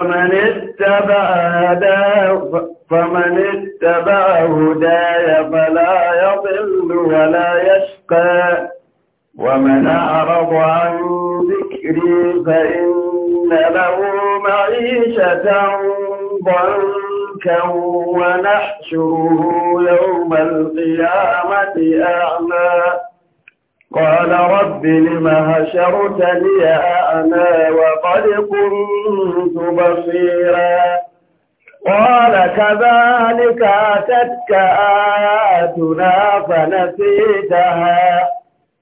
فمن اتبع هداه فمن اتبع هداي فلا يضل ولا يشقى ومن أعرض عن ذكري فإن له معيشة ضنكا ونحشره يوم القيامة أعمى قال رب لم هشرتني أعمى وقد كنت بصيرا قال كذلك أتتك آياتنا فنسيتها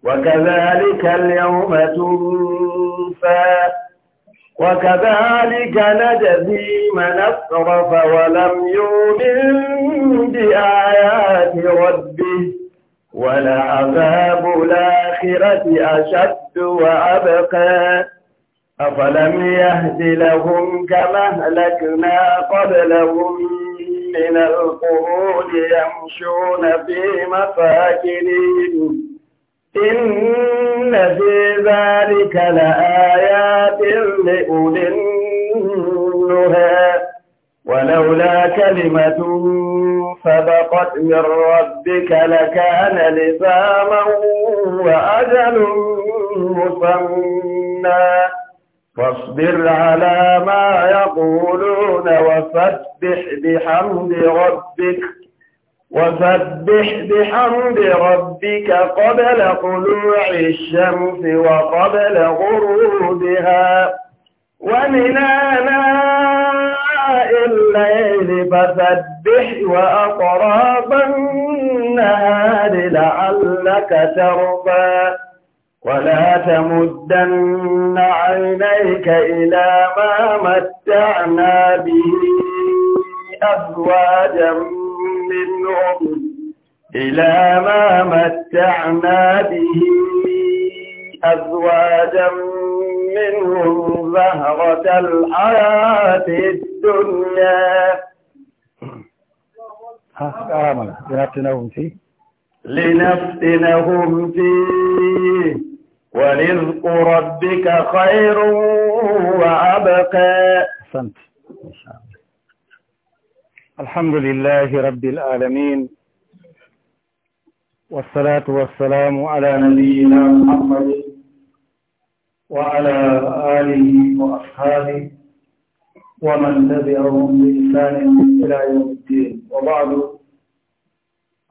وكذلك اليوم تنفى وكذلك نجزي من أسرف ولم يؤمن بآيات ربه ولعذاب الآخرة أشد وأبقى أفلم يهد لهم كما أهلكنا قبلهم من القرون يمشون في مفاكرهم إن في ذلك لآيات لأولي النهى ولولا كلمة سبقت من ربك لكان لزاما وأجل مسمى فاصبر على ما يقولون وسبح بحمد ربك وسبح بحمد ربك قبل طلوع الشمس وقبل غروبها ومن آنات الليل فسبح وأطراب النهار لعلك ترضى ولا تمدن عينيك إلى ما متعنا به أزواجا منهم إلى ما متعنا به أزواجا منهم زهرة الحياة الدنيا ها لنفتنهم فيه لنفتنهم فيه ورزق ربك خير وأبقى أحسنت الحمد لله رب العالمين والصلاة والسلام على نبينا محمد وعلى آله وأصحابه ومن تبعهم بإحسان إلى يوم الدين وبعد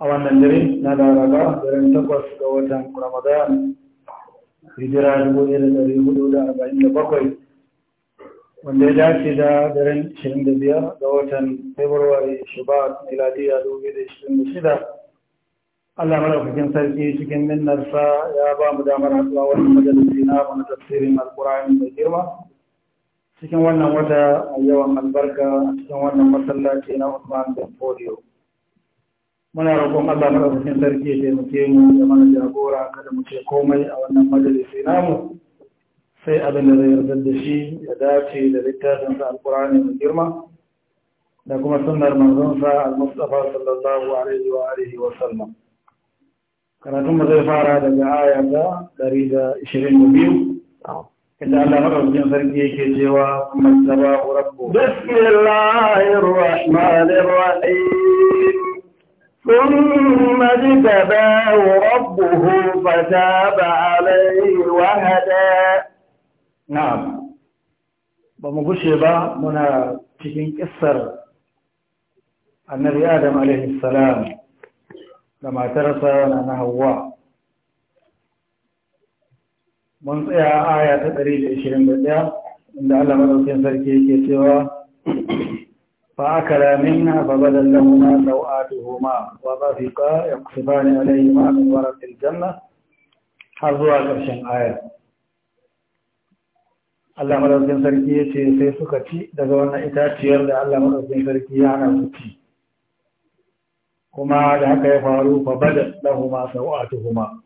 أولا نجري نالا رقا برن تقوص قوة رمضان hijira dubu ɗaya da ɗari hudu da arba'in da wanda ya dace da daren ashirin da biyar ga watan february shabat miladiya a biyu da shida Allah madaukakin sarki cikin minnarsa ya ba mu damar haɗuwa wani majalisi na wani tafsirin alkur'ani mai girma cikin wannan wata a yawan albarka a cikin wannan masallaci na Usman bin Fodio. Muna roƙon Allah madaukakin sarki ya taimake mu da mana jagora kada mu ce komai a wannan majalisi namu sai abin da zai yarda da shi ya dace da littafinsa alkur'ani mai girma da kuma sunnar manzon sa al-Mustafa sallallahu alaihi wa alihi wa sallam. كما ترى آية تريد شيرين مبين إن الله مرة من فرقيك جوا مستواه ربه بسم الله الرحمن الرحيم ثم اجتباه ربه فتاب عليه وهدى نعم بمقش با منا تكين كسر النبي آدم عليه السلام da matarsa na hawa mun tsaya a aya ta 121 inda Allah madaukakin sarki yake cewa fa akala minna fa badal lahuma sawatuhuma wa rafiqa yaqsifani alayhima min warqil janna har zuwa ƙarshen aya. Allah madaukakin sarki yace sai suka ci daga wannan itaciyar da Allah madaukakin sarki ya hana su ci kuma da haka ya faru fa bada lahuma sawatuhuma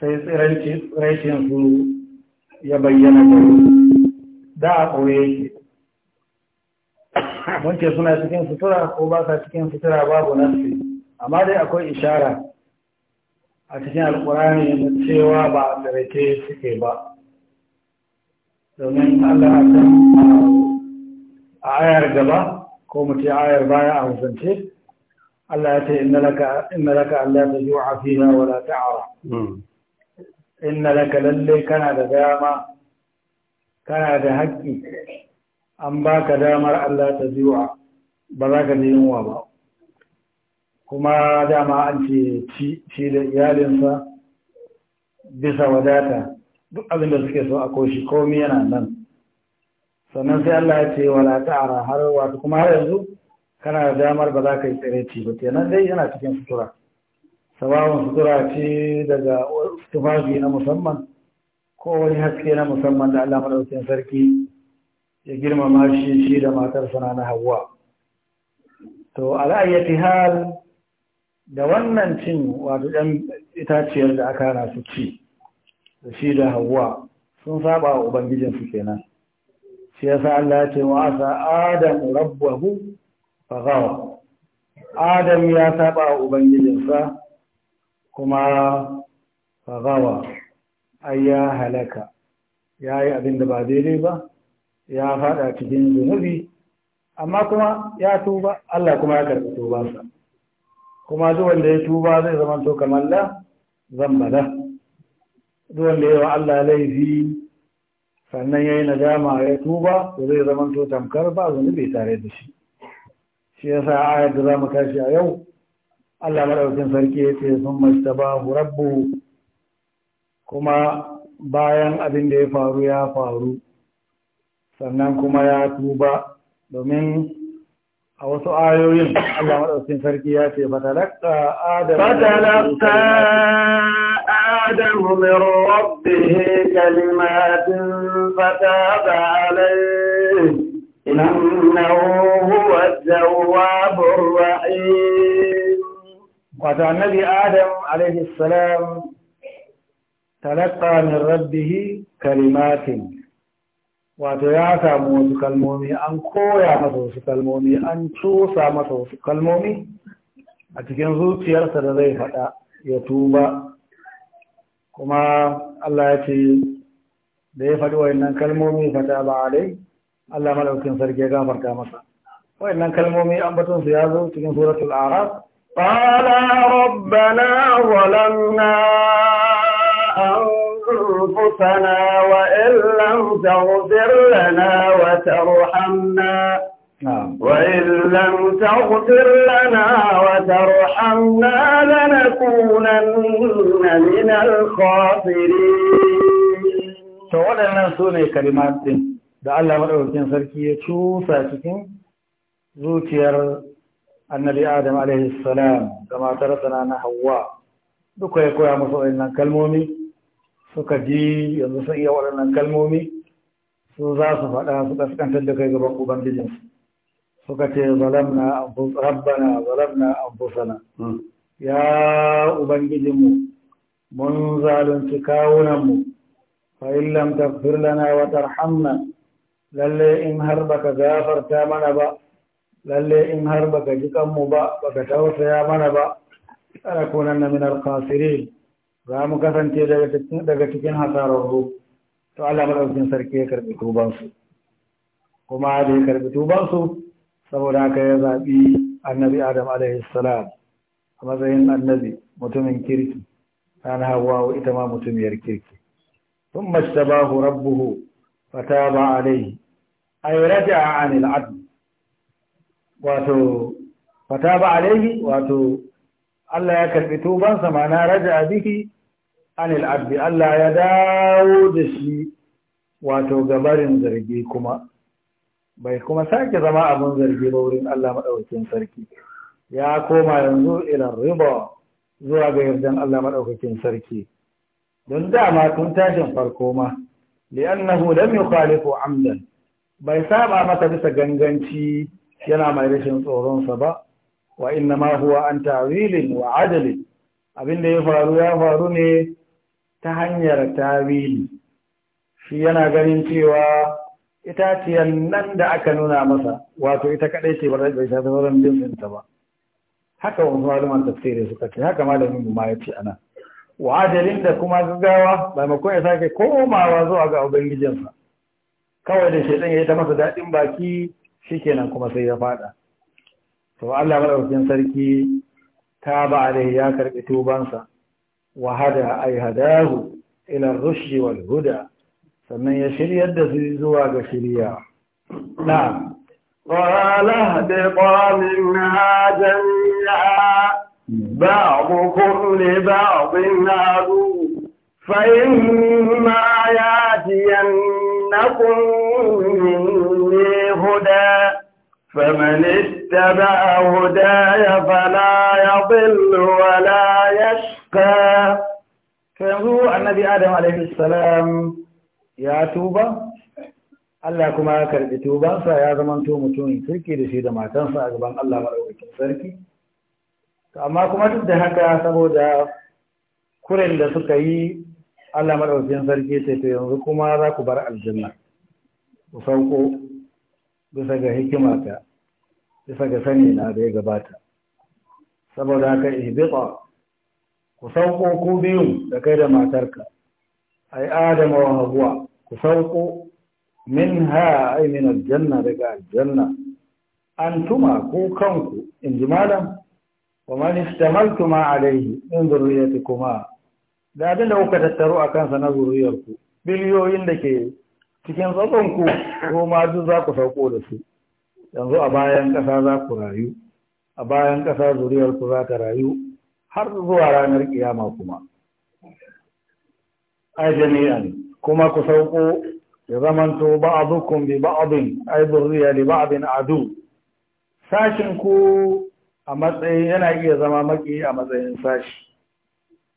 sai tsiraicin su ya bayyana gari da a ƙauye yake suna cikin sutura ko ba sa cikin sutura babu nasi amma dai akwai ishara a cikin alkurani na cewa ba a tsiraice suke ba domin allah a ayar gaba ko mutu ayar baya a hukunce Allah ya ce inna laka Allah ta ju'a fiha wa la ta'ara hmm. inna laka lalle kana da dama kana da haƙƙi an baka damar Allah ta ju'a ba za ka ji yunwa ba kuma dama an ce ci da iyalinsa bisa wadata duk abin da suke so a koshi komi yana nan sannan sai Allah ya ce wala ta'ara har wato kuma har yanzu kana da damar ba za ka yi tsiraici ba kenan dai yana cikin sutura Sababin sutura ce daga tufafi na musamman ko wani haske na musamman da Allah madaukakin sarki ya girmama shi shi da matar matarsa na hawa to ala'ayyati hal da wannan cin wato ɗan itaciyar da aka na su ci da shi da hawa sun saba wa ubangijinsu kenan shi yasa Allah ya ce wa asa adamu rabbahu fagawa adam ya saba wa ubangijinsa kuma fagawa ai ya halaka ya yi abin da ba daidai ba ya fada cikin zunubi amma kuma ya tuba Allah kuma ya karɓi tubansa kuma duk wanda ya tuba zai zama to kamar la zambada duk wanda ya wa Allah laifi sannan ya yi nadama ya tuba to zai zama to tamkar ba zunubi tare da shi shi yasa ayar da zamu tashi a yau Allah maɗaukin sarki ya ce sun mastabahu rabbu kuma bayan abin da ya faru ya faru sannan kuma ya tuba domin a wasu ayoyin Allah madaukakin sarki ya ce fatalaka adam min kalimatin fataba إنه هو التواب الرحيم وتع النبي wato ya samu wasu kalmomi an koya masa wasu kalmomi an cusa masa wasu kalmomi a cikin zuciyarsa da zai faɗa ya tuba kuma Allah ya ce da ya faɗi wa'annan kalmomi fata ba dai. Allah malaukin sarki ya gafarta masa wayannan kalmomi ambaton su ya zo cikin suratul a'raf qala rabbana zalamna أنفسنا وإن لم تغفر لنا وترحمنا وإن لم تغفر لنا وترحمنا لنكونن من الخاسرين. شو ولا سوني كلمات دي. da Allah maɗaukakin sarki ya cusa cikin zuciyar annabi Adam alaihi salam da matarsa na Hawwa duk ya koya musu wannan kalmomi suka ji yanzu sun iya waɗannan kalmomi su za su faɗa su ƙasƙantar da kai gaban ubangijinsu suka ce zalamna rabbana zalamna anfusana hmm. ya ubangijinmu mun zalunci kawunanmu fa illam taghfir lana wa tarhamna lalle in har baka gafarta mana ba lalle in har baka ji kanmu ba baka tausaya mana ba ana kunan na minar kasiri za mu kasance daga cikin hasararru to Allah madaukakin sarki ya karbi tubansu kuma da ya karbi tubansu saboda haka ya zaɓi annabi adam alaihi salam a matsayin annabi mutumin kirki ana hawa ita ma mutumiyar kirki sun mace ta bahu rabbuhu fataba alaihi ay raja'a anil adl wato fataba Alayhi wato Allah ya karbi tubansa mana raja'a bihi anil adl Allah ya dawo da shi wato gabarin zargi kuma bai kuma sake zama abin zargi ba wurin Allah madaukakin sarki ya koma yanzu ila riba zuwa ga yardan Allah madaukakin sarki don dama tun tashin farko ma li'annahu lam yukhalifu amdan bai saba masa bisa ganganci yana mai rashin tsoronsa ba wa inna ma huwa an ta'wilin wa abin da ya faru ya faru ne ta hanyar tariri shi yana ganin cewa itaciyar nan da aka nuna masa wato ita kadai ce ba bai shafi sauran jinsin ba haka wasu malaman tafsiri suka ce haka malamin mu ma ya ce ana wa da kuma gaggawa maimakon ya sake komawa zuwa ga ubangijinsa kawai da shaidan ya yi ta masa daɗin baki shi kenan kuma sai ya faɗa. to Allah madaukakin sarki ta ba alai ya karɓi tubansa wa hada ay hadahu ila rushd wal huda sannan ya shirya da su zuwa ga shiriya na'am qala hada qamin hajamiya بعضكم لبعض عدو فإما يأتينكم مني هدى فمن اتبع هداي فلا يضل ولا يشقى فينظر النبي آدم عليه السلام يا توبة Allah kuma ya karɓi sa ya zamanto mutumin kirki da shi da matansa a gaban Allah maɗaukakin sarki amma kuma duk da haka saboda kuren da suka yi Allah madaukakin sarki ta to yanzu kuma za ku bar aljanna ku sauko bisa ga hikima ta, bisa ga sani na da ya gabata saboda haka ihbita ku sauko ku biyu da kai da matarka ai adama wa hawa ku sauko ha ai min aljanna daga aljanna antuma ku kanku in malam ومن اشتملتما عليه من ذريتكما da abin da kuka tattaro a kansa na zuriyarku biliyoyin da ke cikin tsatsonku ko ma duk za ku sauko da su yanzu a bayan ƙasa za ku rayu a bayan ƙasa zuriyarku za ta rayu har zuwa ranar kiyama kuma ai jami'an kuma ku sauko ya zamanto ba'adukum bi ba'adin ai zuriya li ba'adin adu sashin ku a matsayin yana iya zama maki a matsayin sashi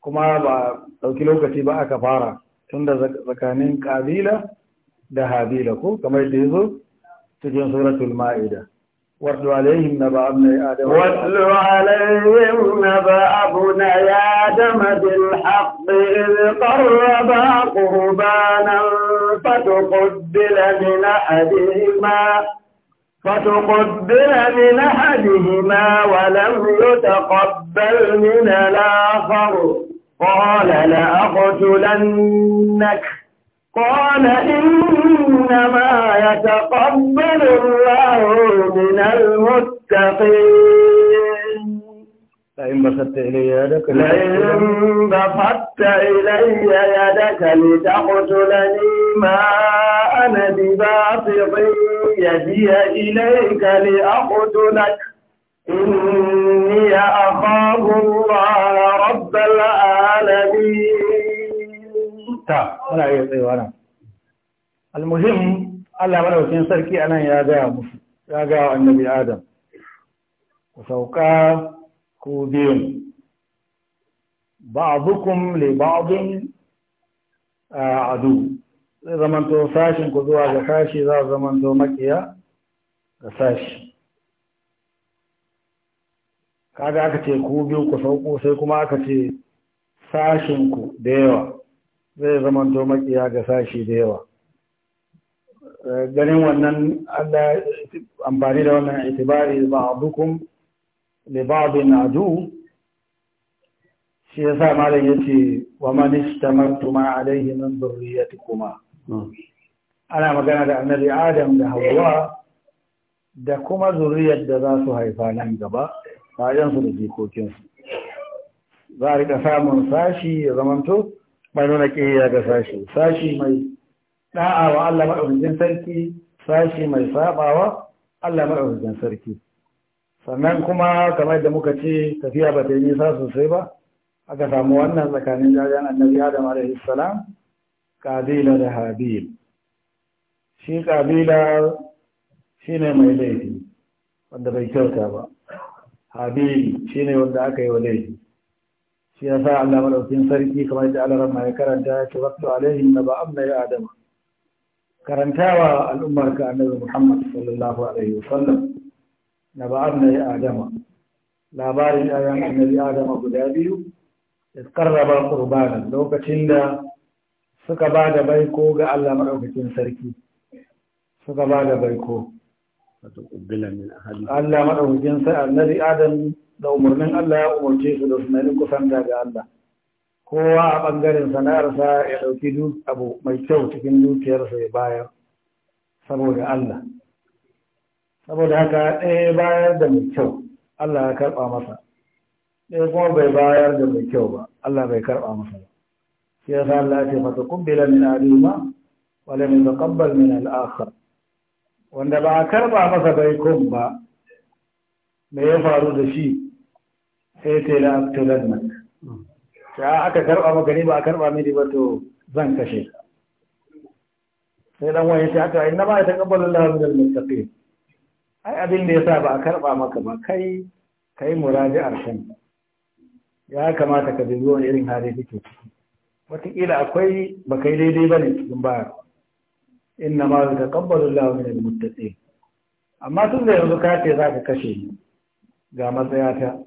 kuma ba ɗauki lokaci ba aka fara tunda tsakanin ƙabila da habila ko kamar da yanzu cikin suratul ma'ida wasu alayhim na ba abu na ya dama wasu alayhim na ba abu na ya dama bil haɓe ƙarra ba ƙurbanan fatakuddila min ahadima فتقبل من أحدهما ولم يتقبل من الآخر قال لأقتلنك قال إنما يتقبل الله من المتقين لئن بسطت إلي يدك لئن بسطت إلي يدك لتقتلني ما باسط يدي إليك لأقتلك إني أخاف الله رب العالمين تا ولا أنا المهم Allah madaukakin sarki anan ya gaya musu ya gaya wa annabi Adam ku sauka ku biyun ba'dukum li a adu zai zamanto sashin ku zuwa ga sashi za a zamanto makiya ga sashi kaga aka ce ku biyu ku sauko sai kuma aka ce sashin ku da yawa zai zamanto makiya ga sashi da yawa eh, ganin wannan Allah amfani da wannan itibari ba'dukum li ba'din adu shi ya sa yasa ya ce wa manista martuma ma alaihi min kuma. ana magana da annabi adam da hawa da kuma zuriyar da za su haifa nan gaba bayansu da jikokinsu za a rika samun sashi ya zamanto mai nuna ƙiyya ga sashi sashi mai ɗa'a wa Allah maɗaukakin sarki sashi mai saɓawa Allah maɗaukakin sarki sannan kuma kamar da muka ce tafiya ba ta yi nisa sosai ba aka samu wannan tsakanin jajen annabi adam alaihi salam قابيل رهابيل شي قابيل شي نه ميلي وند باي كوتا با هابيل شي نه وند اكاي وليه شي يسا الله ولا سين سركي كما تعالى رب ما يكرن ذاك وقت عليه النبا ابن ادم كرنتا وا الامر كانه محمد صلى الله عليه وسلم نبا ابن ادم لا بارئ يا النبي ادم ابو دابيو اذ قربانا لو كتندا suka ba da baiko ga Allah maɗaukakin sarki suka ba da baiko Allah maɗaukakin sarki annabi Adam da umarnin Allah ya umarce su da sunanin kusanta ga Allah kowa a ɓangaren sana'arsa ya ɗauki duk abu mai kyau cikin dukiyarsa ya bayar saboda Allah saboda haka ɗaya bayar da mai kyau Allah ya karɓa masa ɗaya kuma bai bayar da mai kyau ba Allah bai karɓa masa ba shi ya ce fata kubbila min alima wala min taqabbal min با akhar wanda ba a karba masa baikon ba me ya faru da shi sai ta la aktulan nan aka karba maka ba a mini ba to zan kashe sai dan waye ta aka inna min al-muttaqin ai abin da yasa ba a karba maka ba kai kai muraji'ar ya kamata ka dubi wani irin hali kake ciki wataƙila akwai ba kai daidai ba ne cikin bayar inna ma da kabbalin lawa ne da amma tun da yanzu ka ce za ka kashe ni ga matsayata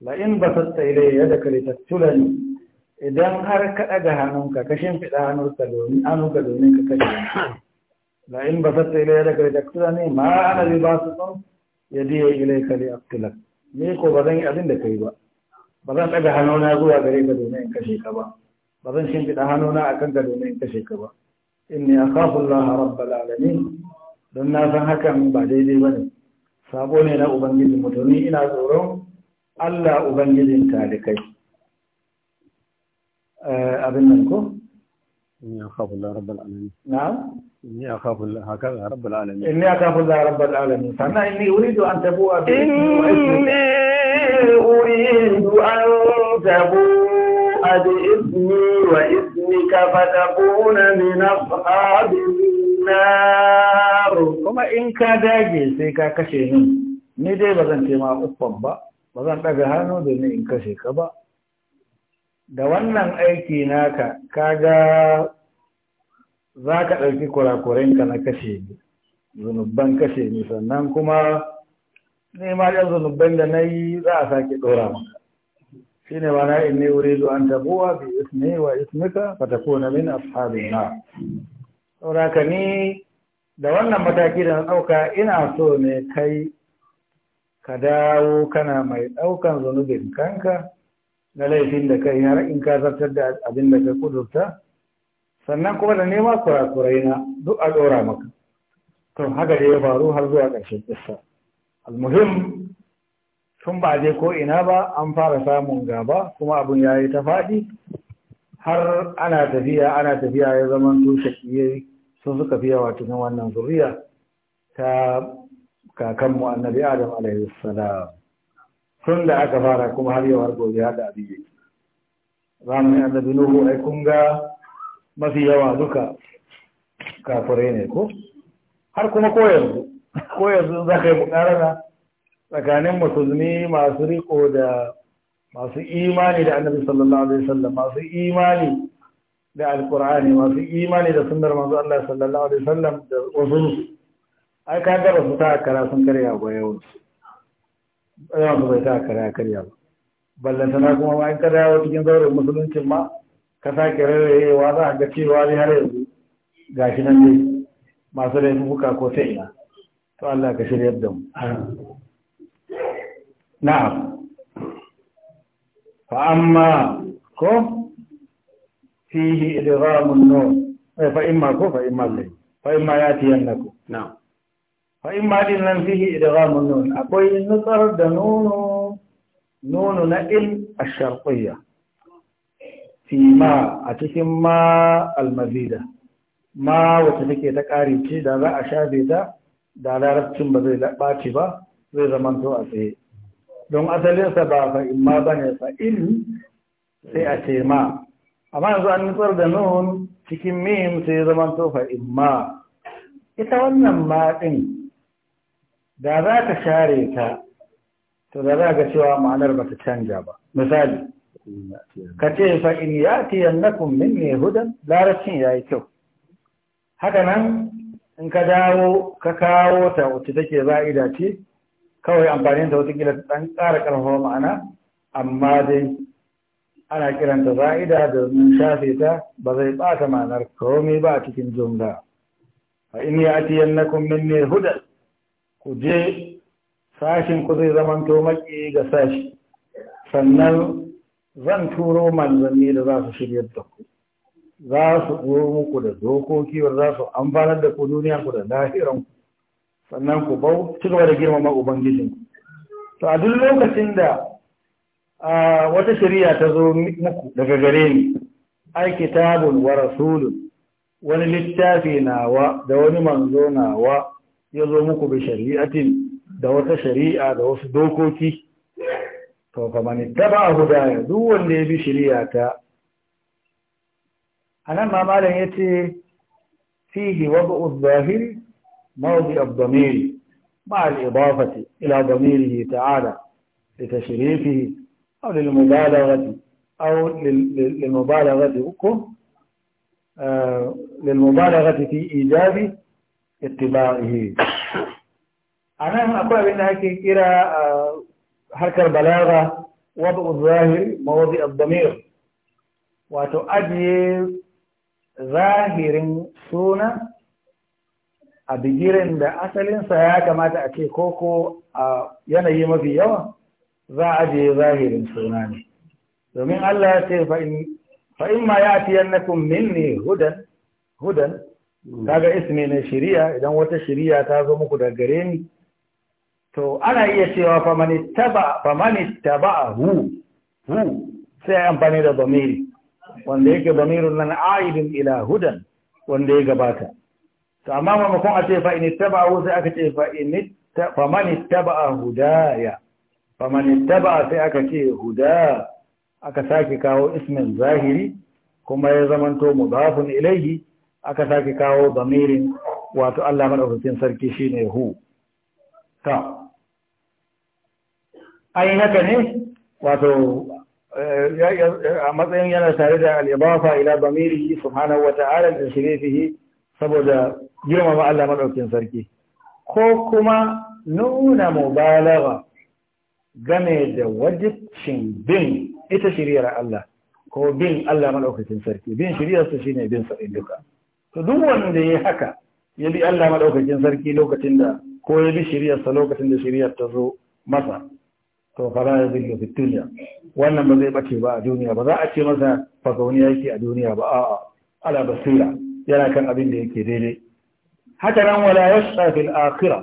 la'in ba sassa ilai yadda ka litattula idan har ka ɗaga hannunka ka shimfiɗa hannunka domin hannunka domin ka kashe ni la'in ba sassa ilai yadda ka litattula ni ma ana zai ba su son ya diya ilai ka litattula ni ko ba zan yi abin da kai ba ba zan ɗaga hannuna zuwa gare ka domin in kashe ka ba ba zan shimfiɗa hannuna a kan gado na in kashe ka ba inni akhafu Allah rabbal alamin don na san hakan ba daidai ba ne. sabo ne na ubangiji mutuni ina tsoron Allah ubangijin talikai eh, abin nan ko inni akhafu Allah rabbal alamin na'am inni akhafu Allah rabbal alamin inni akhafu Allah rabbal alamin sannan inni uridu an tabuwa bi inni uridu an tabuwa بإثمي وإذنك فتكون من أصحاب النار كما إنك داجي سيكا كشيني نيدي بغن تيما أفضل با بغن تغهانو دوني إنك شيكا با da wannan aiki naka ذاكا za ka ɗauki kurakurenka na kashe zunubban kashe ne sannan kuma nema 'yan zunubban da na yi za a sake ɗora maka shine mana inni uridu an tabuwa bi ismi wa ismika fatakuna min ashabin na ni da wannan mataki da na ɗauka ina so ne kai ka dawo kana mai ɗaukan zunubin kanka na laifin da kai har in ka zartar da abin da ka kudurta sannan kuma da nema kurakurai na duk a ɗora maka to haka da ya faru har zuwa ƙarshen ƙissa almuhim tun ba je ko ina ba an fara samun gaba kuma abun ya yi ta faɗi har ana tafiya ana tafiya ya zama to shakiyai sun suka fi yawa cikin wannan zuriya ta kakanmu annabi adam alaihi salam tun da aka fara kuma har yau har gobe har da abin yake zamanin annabi nuhu ai kun ga mafi yawa duka kafirai ne ko har kuma koyar yanzu ko yanzu za ka yi mukarana tsakanin musulmi masu riko da masu imani da annabi sallallahu alaihi wasallam masu imani da alkur'ani masu imani da sunnar manzo Allah sallallahu alaihi wasallam da wasu ai ka ga su ta kara sun karya ba yau ai ba bai ta kara karya ba ballanta na kuma ba in ka dawo cikin zaurin musuluncin ma ka sake rarrayewa za a ga cewa ne har yanzu gashi nan dai masu laifuka ko sai? ina to Allah ka shirya da mu na'am fa amma ko fihi idramun nun eh, fa imma ko fa imma lai fa imma yati yannaku na'am fa imma din nan fihi idramun nun akwai nutsar da nono nono na il a sharqiyya fi ma a cikin ma al-mazida ma wacce take ta ƙari da za a shafe ta da larabcin ba zai ɓaci ba zai zamanto a tsaye don asalinsa ba fa in ma ba ne fa in sai a ce ma amma yanzu an nutsar da nuhun cikin mim sai zama to fa in ita wannan ma din. da za ka share ta to da za ga cewa ma'anar ba ta canja ba misali ka ce fa in ya tiyannakum min ne hudan larabcin ya yi kyau haka nan in ka dawo ka kawo ta wacce take za'ida ce kawai amfani da watakila ta ɗan ƙara ƙarfafa ma'ana amma dai ana kiranta za'ida domin shafe ta ba zai ɓata ma'anar komai ba a cikin jumla a in ya yatiyan nakum minni huda ku je sashin ku zai zamanto maki ga sashi sannan zan turo manzanni da za su shiryar da ku za su zo muku da dokoki za su amfanar da ku duniya ku da lahiran ku sannan ku bau ci gaba da girmama ubangijin to a duk lokacin da wata shari'a ta zo muku daga gare ni ai kitabun wa rasulun wani littafi nawa da wani manzo nawa ya zo muku bi shari'atin da wata shari'a da wasu dokoki to fa man taba hudaya duk wanda ya bi shari'a ta anan ma malam yace fihi wad'u adh-dhahiri موضع الضمير مع الإضافة إلى ضميره تعالى لتشريفه أو للمبالغة أو للمبالغة آه، للمبالغة في إيجاب اتباعه أنا أقول بأنها إلى آه، حركة البلاغة وضع الظاهر mawazi الضمير وتؤدي ظاهر zahirin a bigiren da asalinsa ya kamata a ce koko a yanayi mafi yawa za a je zahirin suna ne domin Allah ya ce fa'in ma ya fiye na kummin hudan hudan ismi na shiriya idan wata shiriya ta zo muku da gare ni to ana iya cewa famani taba hu hu sai amfani da bamiri wanda yake bamirin nan aidin ila hudan wanda ya gabata to amma mamakon a ce fa in ittaba'u sai aka ce fa in fa man ittaba'a hudaya fa man ittaba'a sai aka ce huda aka sake kawo ismin zahiri kuma ya zamanto mudafun ilaihi aka sake kawo damirin wato Allah madaukakin sarki shine hu ta ai haka ne wato a matsayin yana tare da al'ibafa ila bamiri subhanahu wa ta'ala da shirifihi saboda girmama Allah maɗaukin sarki ko kuma nuna mubalaga game da wajibcin bin ita shiriyar Allah ko bin Allah maɗaukakin sarki bin su shine bin sa'in duka to duk wanda ya haka ya bi Allah maɗaukakin sarki lokacin da ko ya bi shiriyarsa lokacin da shiriyar ta zo masa to fara ya zai fi duniya wannan ba zai bace ba a duniya ba za a ce masa fakauni yake a duniya ba a'a ala basira yana kan abin da yake daidai haka nan wala ya fil akhirah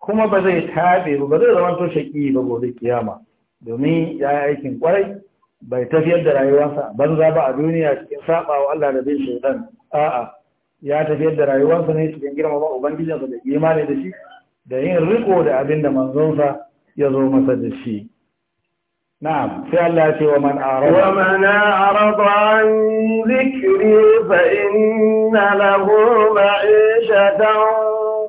kuma ba zai tabe ba zai zama to shaki ba gobe kiyama domin ya yi aikin kwarai bai tafiyar da rayuwarsa banza ba a duniya cikin saba Allah da bin shaitan a'a ya tafiyar da rayuwarsa ne cikin girmama ubangijinsa da imani da shi da yin riko da abin da manzonsa ya zo masa da shi نعم فعلاتي ومن أعرض ومن أعرض عن ذكري فإن له معيشة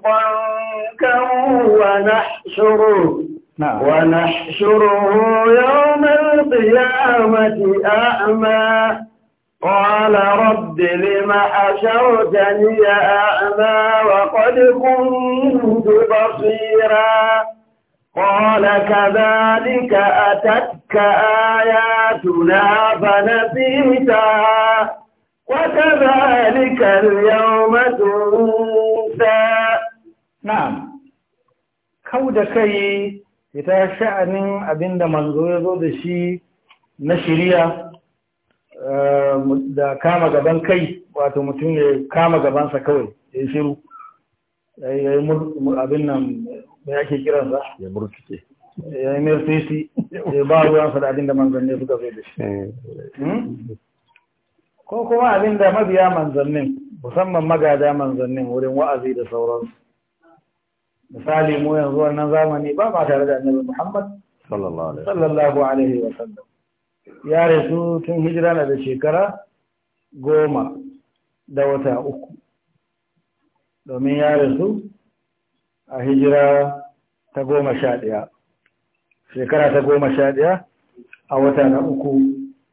ضنكا ونحشره نعم. ونحشره يوم القيامة أعمى قال رب لم حشرتني أعمى وقد كنت بصيرا قال كذلك أتتك آياتنا فنسيتها وكذلك اليوم تنسى نعم kauda kai ita sha'anin abinda manzo ya zo da shi na shirya da kama gaban kai wato mutum ya kama gabansa kawai ya shiru ya yi me ake sa ya murtuke ya yi mertesi ya eh, ba ruwansa da abin da manzanni suka zai da shi eh. hmm? ko kuma abin da mabiya manzannin musamman magada manzannin wurin wa'azi da sauransu misali mu yanzu wannan zamani ba ma tare da annabi muhammad sallallahu alaihi wa sallam ya rasu tun hijira na da shekara goma da wata uku domin ya rasu a hijira ta goma sha ɗaya shekara ta goma sha ɗaya a wata na uku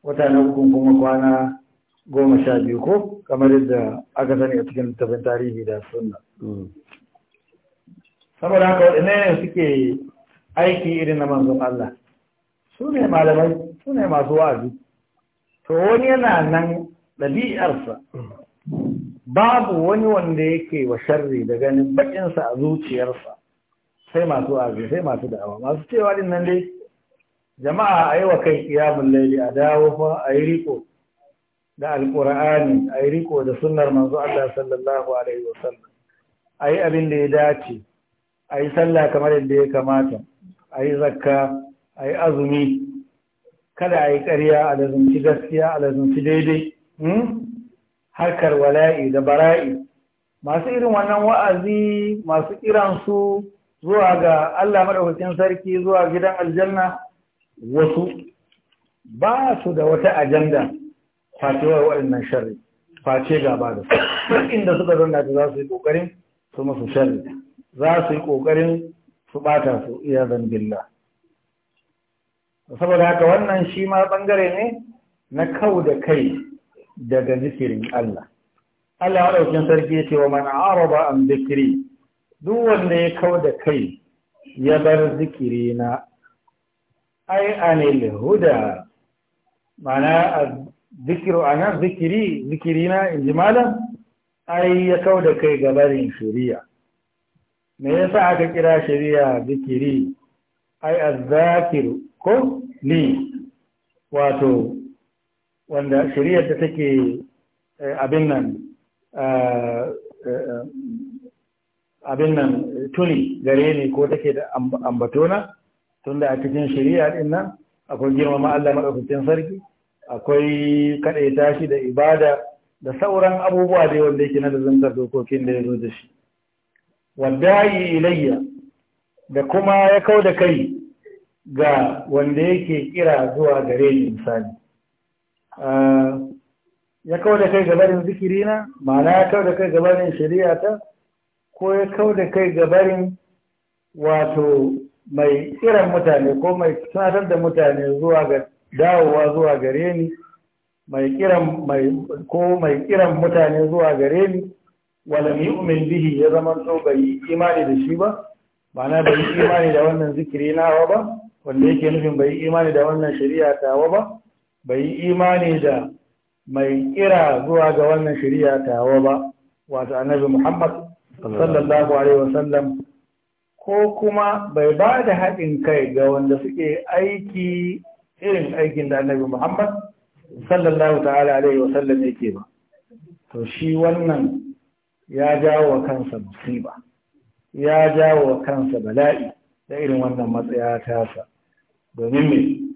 wata na uku kuma kwana goma sha biyu ko kamar yadda aka sani a cikin tafin tarihi da sunna mm. saboda haka waɗannan ne suke aiki irin na manzon Allah su ne malamai su ne masu wa'azi to wani yana nan ɗabi'arsa mm. babu wani wanda yake wa sharri da ganin bakinsa a zuciyarsa sai masu azu sai masu da'awa masu cewa din nan dai jama'a a yi wa kai kiyamun laili a dawo fa a yi riko da alkur'ani a yi riko da sunnar manzo Allah sallallahu alaihi sallam a yi abin da ya dace a yi sallah kamar yadda ya kamata a yi zakka a yi azumi kada a yi ƙarya a lazumci gaskiya a lazumci daidai hmm? harkar wala'i da bara'i masu irin wannan wa'azi masu kiransu zuwa ga Allah madaukakin sarki zuwa gidan aljanna wasu ba su da wata ajanda fatewar waɗannan sharri face gaba da su inda suka zanna da za su yi ƙoƙarin su masu sharri za su yi ƙoƙarin su ɓata su iya zambilla saboda haka wannan shi ma ɓangare ne na kau da kai daga zikirin Allah Allah ya ɗauki sarki ya ce wa mana aro ba an zikiri duk wanda ya kau da kai ya bar zikiri na ai anil huda mana a zikiru nan zikiri zikiri na ji malam ai ya kau da kai gabarin shari'a me yasa aka kira shari'a zikiri ai a azzakiru ko ni wato wanda shari'ar da take eh, abin nan eh, eh, abin nan tuni gare ni ko take da ambatona tunda a cikin shari'a din nan akwai girmama Allah madaukakin sarki akwai kaɗai tashi da ibada da sauran abubuwa da wanda yake na da zantar dokokin da ya zo da shi wadai ilayya da kuma ya kau da kai ga wanda yake kira zuwa gare ni misali ya kawo da kai gabarin zikirina ma'ana ya kawo da kai gabarin shari'ata ko ya kawo da kai gabarin wato mai kiran mutane ko mai tunatar da mutane zuwa ga dawowa zuwa gare ni mai kiran mai ko mai kiran mutane zuwa gare ni walam yu'min bihi ya zama to bai imani da shi ba ma'ana bai imani da wannan zikiri na ba wanda yake nufin bai imani da wannan shari'a ta ba bai yi imani da mai kira zuwa ga wannan shari'a hawa ba wato annabi Muhammad sallallahu alaihi wasallam ko kuma bai ba da haɗin kai ga wanda suke aiki irin aikin da annabi Muhammad sallallahu ta'ala alaihi wasallam yake ba to shi wannan ya jawo wa kansa musiba ya jawo wa kansa bala'i da irin wannan matsaya sa domin me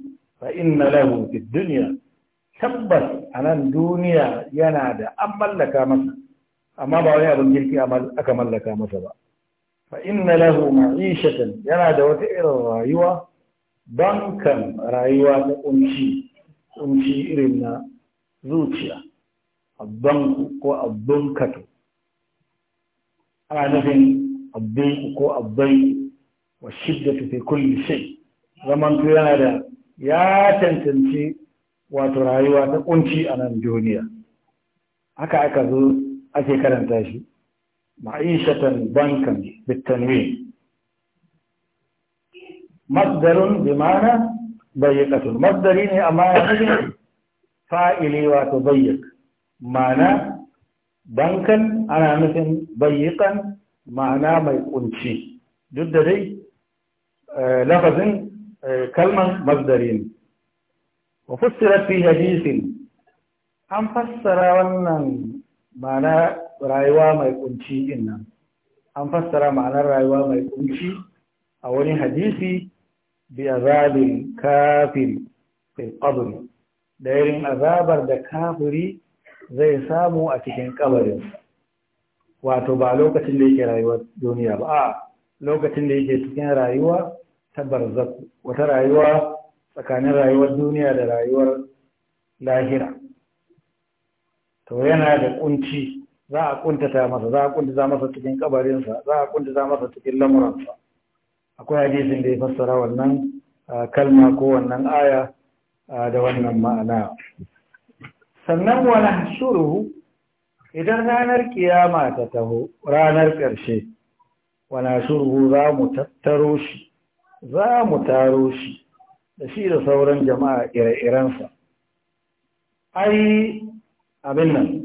fa inna lahu fid dunya tabbas anan duniya yana da an mallaka masa amma ba wani abin kirki aka mallaka masa ba fa inna lahu ma'ishatan yana da wata irin rayuwa bankan rayuwa ta kunci kunci irin na zuciya abbanku ko abbankatu ana nufin abbanku ko abbanku wa shiddatu fi kulli shay zamanto yana da ya cancanci wato rayuwa ta kunci a nan duniya haka aka zo ake karanta shi ma'ishatan bankan bitanwi masdarun bi ma'ana bayyakatu masdari ne amma ya rage fa'ili wato bayyak ma'ana bankan ana nufin bayyakan ma'ana mai kunci duk da dai eh, lafazin kalman masdari ne wa fi hadisin an fassara wannan ma'ana rayuwa mai kunci din an fassara ma'anar rayuwa mai kunci a wani hadisi bi azabin kafin fil qabr da irin azabar da kafiri zai samu a cikin kabarin wato ba lokacin da yake rayuwar duniya ba a lokacin da yake cikin rayuwa ta barzaku wata rayuwa tsakanin rayuwar duniya da rayuwar lahira to yana da kunci za a kuntata masa za a kuntata masa cikin kabarinsa za a kuntata masa cikin lamuransa akwai hadisin da ya fassara wannan kalma ko wannan aya da wannan ma'ana sannan wani shuru idan ranar kiyama ta taho ranar ƙarshe wani shuru za mu tattaro shi za mu taro shi da shi da sauran jama'a ire-irensa ai abin nan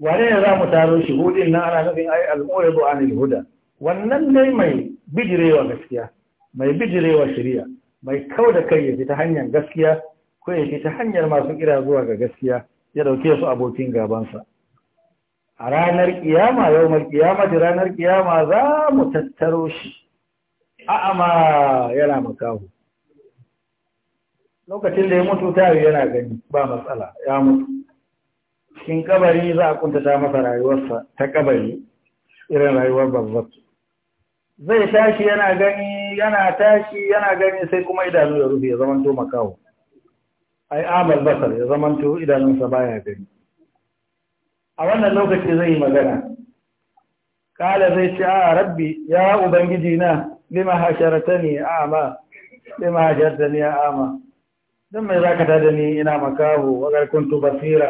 wane ne za mu taro shi hudin na ana nufin ai al'oyi zo an huda wannan ne mai bijirewa gaskiya mai bijirewa shirya mai kau da kai ya fita hanyar gaskiya ko ya fita hanyar masu kira zuwa ga gaskiya ya dauke su abokin gabansa a ranar kiyama yau mai kiyama ranar kiyama za mu tattaro shi A'a ma yana makahu lokacin da ya mutu tari yana gani ba matsala ya mutu cikin kabari za a kuntata masa rayuwarsa ta kabari irin rayuwar babbatu zai tashi yana gani yana tashi yana gani sai kuma idanu ya rufe ya zamanto makaho ai amal basar ya zamanto idanunsa baya gani a wannan lokaci zai yi magana kala zai ce a rabbi ya ubangiji na lima hasharatani a'ma lima hasharatani a'ma dan mai zaka tada ni ina makaho wa gar kuntu basira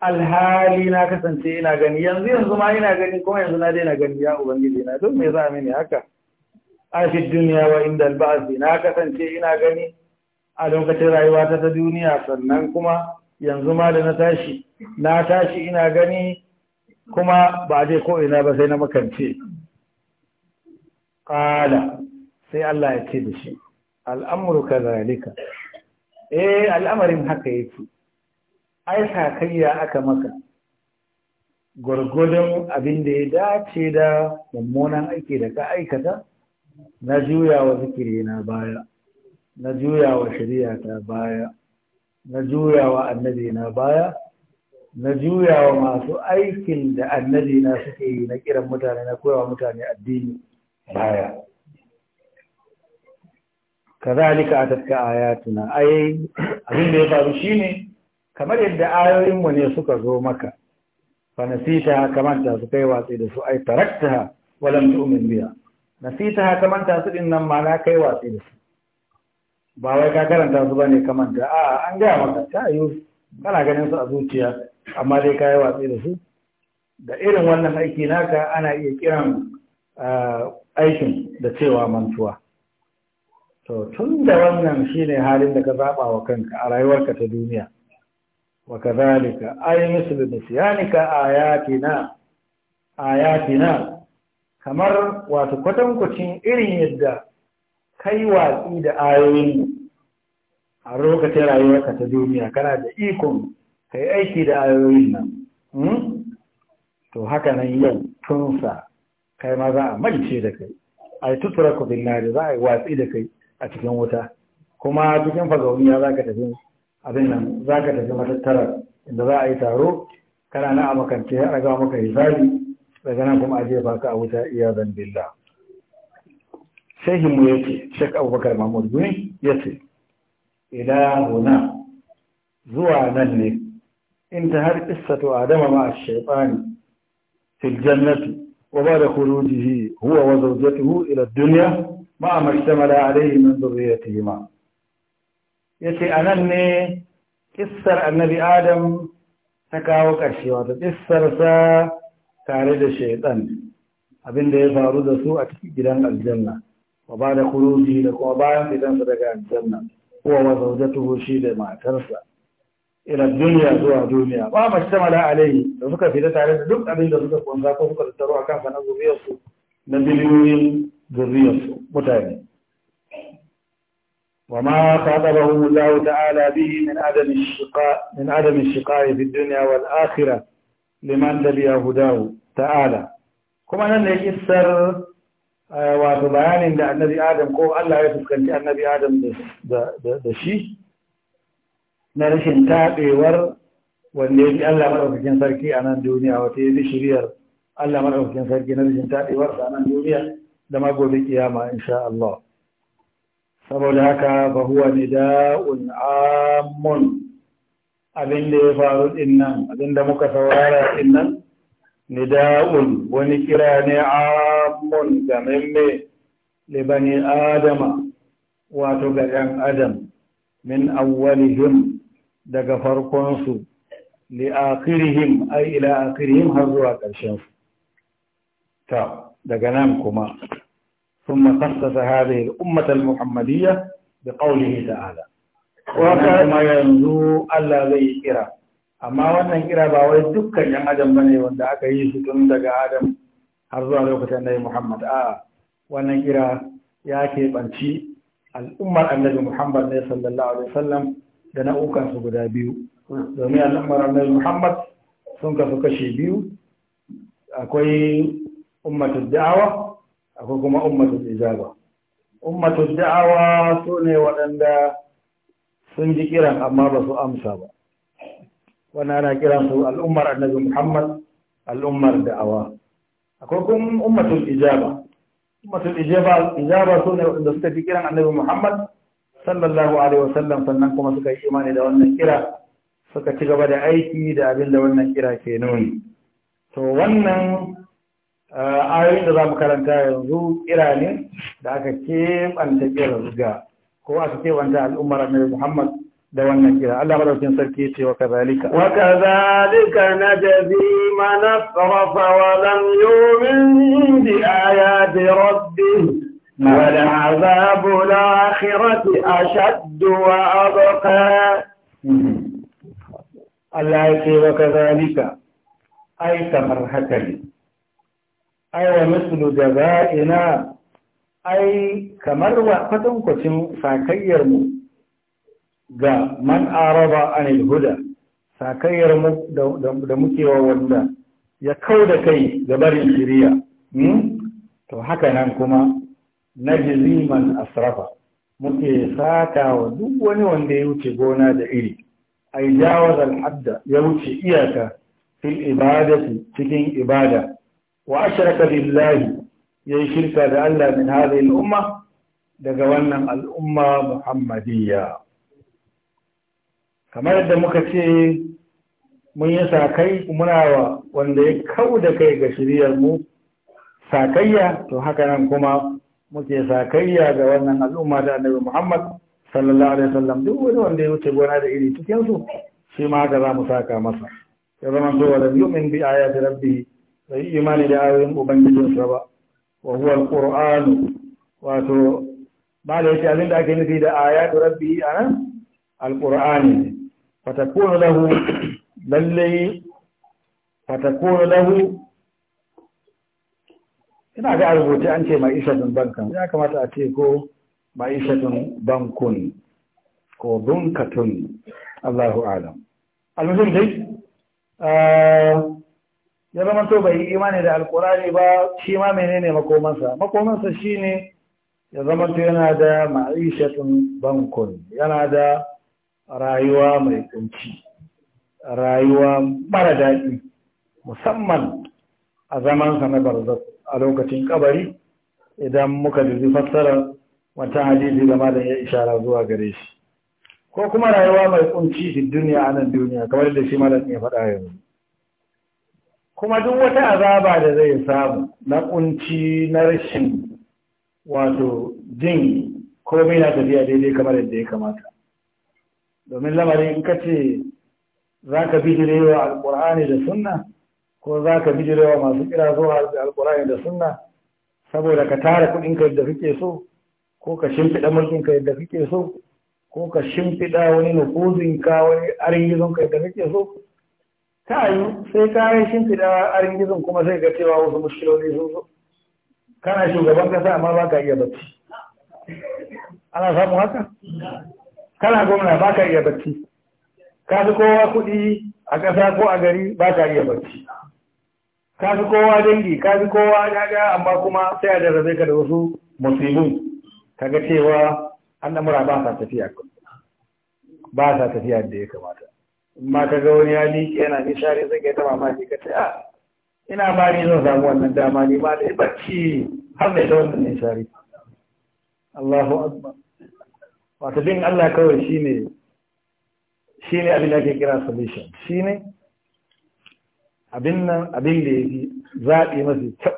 alhali na kasance ina gani yanzu yanzu ma ina gani kuma yanzu na daina gani ya ubangiji na don me za mini haka a fi duniya wa inda alba'asi na kasance ina gani a lokacin rayuwa ta ta duniya sannan kuma yanzu ma da na tashi na tashi ina gani kuma ba je ko ina ba sai na makance qala sai Allah ya ce da shi al'amuru ka eh al'amarin haka yake ai sakayya aka maka gwargwadon abin da ya dace da mummunan aiki da ka aikata na juya wa zikiri na baya na juya wa shari'a ta baya na juya wa annabi na baya na juya wa masu aikin da annabi na suke yi na kiran mutane na koyawa mutane addini baya kazalika atatka ayatuna abin da ya faru shine kamar yadda ayoyin mu ne suka zo maka fa nasita kamanta su kai watsi da su ai taraktaha wa lam tu'min biha nasita kamanta su din nan na kai watsi da su ba wai ka karanta su bane kamanta a an ga maka ta yi kana ganin su a zuciya amma dai kai watsi da su da irin wannan aiki naka ana iya kiran ah, aikin da cewa mantuwa to tun da wannan shi ne halin da ka zaɓa wa kanka a rayuwarka ta duniya wa kazalika ay mislu nisyanika a yatina, kamar wasu kwatankwacin irin yadda kai watsi da ayoyin a lokacin rayuwarka ta duniya kana da ikon kai aiki da ayoyin nan hmm? to haka nan yau tunsa kai ma za a malice da kai ai yi tutura ku nari za a yi watsi da kai a cikin wuta kuma cikin fagauniya za ka tafi abin nan za ka tafi matattara inda za a yi taro kana na a a ga maka hisabi daga nan kuma a jefa ka a wuta iya zan billa sai ya yake shek abubakar mahmud guni ya ce huna zuwa nan ne in ta har kissatu adama ma a shaifani fil jannati وبعد خروجه هو وزوجته إلى الدنيا مع ما اشتمل عليه من ذريتهما يتي أنني إسر النبي آدم تكاوك الشيوات إسر سا تارد الشيطان abin da ya faru da su a cikin gidan aljanna wa ba da kuruji da kuma bayan idan daga aljanna kowa shi da matarsa إلى الدنيا زوا الدنيا ما ما اشتمل عليه لو فكر في ذات عليه دوك أبين ذلك وان ذاك فكر ترى كان فنا ذريته من بليون ذريته متعني وما خاطبه الله تعالى به من عدم الشقاء من عدم الشقاء في الدنيا والآخرة لمن تبيه هداه تعالى كما أن يكسر آه، وتبعان عند النبي آدم قول الله يفكر أن النبي آدم ده, ده, ده, ده, ده شيء na rashin taɓewar wanda ya fi Allah maɗaukakin sarki a nan duniya wata ya fi shiriyar Allah maɗaukakin sarki na rashin taɓewar a nan duniya da magobin gobe kiyama insha Allah saboda haka bahuwa huwa da amun abin da ya faru din nan abin da muka saurara din nan nida'un wani kira ne amun ga memme libani adama wato ga ɗan adam min awwalihim daga farkonsu li'akirihim ai ila'akirihim har zuwa ƙarshensu ta daga nan kuma sun makasta ta hadari ummatar muhammadiyya da ƙaunihi ta ala wata kuma yanzu allah zai yi ƙira. amma wannan kira ba wai dukkan yan adam bane wanda aka yi su tun daga adam har zuwa lokacin da muhammad a wannan kira ya keɓanci al'ummar annabi muhammad ne sallallahu alaihi wasallam da nau'ukan su guda biyu domin al'ummar annabi Muhammad sun kasu kashe biyu akwai ummatul da'awa akwai kuma ummatul ijaba ummatul da'awa su ne waɗanda sun ji kiran amma ba su amsa ba wannan ana kiran su al'ummar annabi Muhammad al'ummar da'awa akwai kuma ummatul ijaba ummatul ijaba ijaba su ne waɗanda suka ji kiran annabi Muhammad sallallahu alaihi wasallam sannan kuma suka yi imani da wannan kira suka ci gaba da aiki da abin da wannan kira ke nuni to wannan ayoyin da za mu karanta yanzu kira ne da aka keɓanta kira ga ko aka keɓanta al'ummar annabi muhammad da wannan kira Allah madaukin sarki ce wa kazalika wa kazalika najzi man asrafa wa lam yu'min bi ayati rabbih ولعذاب الآخرة أشد وأبقى الله يقول وكذلك أي كمرهكني أي ومثل جزائنا أي كمر وقتم كتم ساكيرمو ga man araba anil huda sakayyar da muke wa wanda ya kau da kai ga barin shiriya to haka nan kuma Na man asrafa muke saka wa duk wani wanda ya wuce gona da iri ai jawaza al-hadda ya wuce iyaka fil ibadati cikin ibada wa ashraka billahi yayi shirka da Allah min hadhihi al-umma daga wannan al'umma muhammadiyya kamar yadda muka ce mun yi sakai muna wa wanda ya kau da kai ga shiriyar mu sakayya to haka nan kuma muke sakayya ga wannan al'umma da annabi Muhammad sallallahu alaihi wasallam duk wani wanda ya wuce gona da iri cikin su shi ma ga za mu saka masa ya zama zuwa wala yu'min bi ayati rabbih bai imani da ayoyin sa ba wa huwa alqur'anu wato ba da yake abin da ake nufi da ayatu rabbi anan alqur'ani takunu lahu lalle takunu lahu ina ga rubuce an ce ma'ishatun bankan ya kamata a ce ko ma'ishatun bankun ko bunkatun Allahu alam almuhim dai eh, ya zama to bai yi imani da alkurani ba shi ma menene makomansa makomansa shine ya zama to yana da ma'ishatun bankun yana da rayuwa mai kunci rayuwa mara daɗi musamman a zamansa na barzatu. a lokacin kabari idan muka dubi fassara wata hadisi da malam ya ishara zuwa gare shi ko kuma rayuwa mai kunci fi duniya a nan duniya kamar da shi malam ya faɗa yanzu kuma duk wata azaba da zai samu na kunci na rashin wato jin komai na tafiya daidai kamar yadda ya kamata domin lamarin in ka ce za ka bijirewa alkur'ani da sunna ko za ka bijirewa masu kira zuwa alkurani da sunna saboda ka tara kuɗinka yadda kake so ko ka shimfiɗa mulkin ka yadda kake so ko ka shimfiɗa wani ka wani ka yadda kake so ta yi sai ka yi shimfiɗa gizon kuma sai ga cewa wasu mushkiloli sun zo kana shugaban kasa amma ba ka iya bacci ana samu haka kana gwamna ba ka iya bacci ka fi kowa kuɗi a ƙasa ko a gari ba ka iya bacci ka fi kowa dangi ka fi kowa daga amma kuma sai a jarrabe ka da wasu ka ga cewa al'amura ba sa tafiya ba sa tafiya da ya kamata ma ka ga wani ya liƙe yana nishari sai ka ta mamaki ka ce ah ina ba ni zan samu wannan dama ni ma dai bacci har da wannan nishari Allahu akbar wato bin Allah kawai shine shine abin da ake kira solution shine abin nan abin da ya fi zaɓi mafi kyau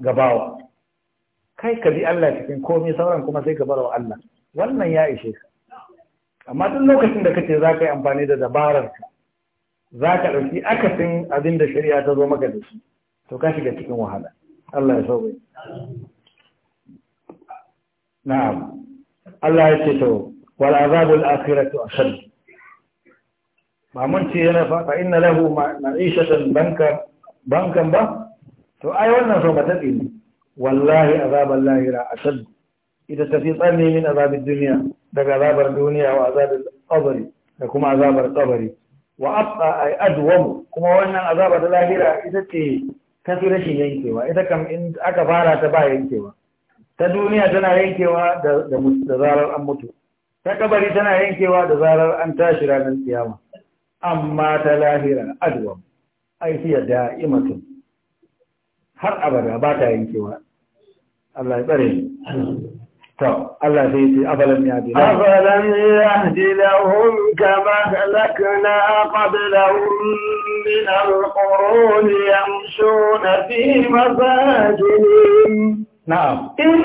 gabawa kai ka bi Allah cikin komai sauran kuma sai ka barawa Allah wannan ya ishe ka amma duk lokacin da kace za ka yi amfani da dabarar ka za ka ɗauki akasin abin da shari'a ta zo maka da shi to ka shiga cikin wahala Allah ya sauke na'am Allah ya ce to wal azabul akhiratu ashad ba mun ce yana fa inna lahu ma'ishatan banka bankan ba to ai wannan so mata tsini wallahi azaban lahira ashad ta fi tsanni min azabin duniya daga azabar duniya wa azabin qabri da kuma azabar qabri wa abqa ay adwam kuma wannan azabar lahira ita ce tafi rashin yankewa ita kam in aka fara ta ba yankewa ta duniya tana yankewa da zarar an mutu ta kabari tana yankewa da zarar an tashi ranar kiyama amma ta lahira adwam ai fiya da'imatun har abada ba ta yankewa Allah ya tsare to Allah sai ce abalan ya dila ya yahdi lahum kama halakna qablahum min alqurun yamshuna fi masajidihim نعم إن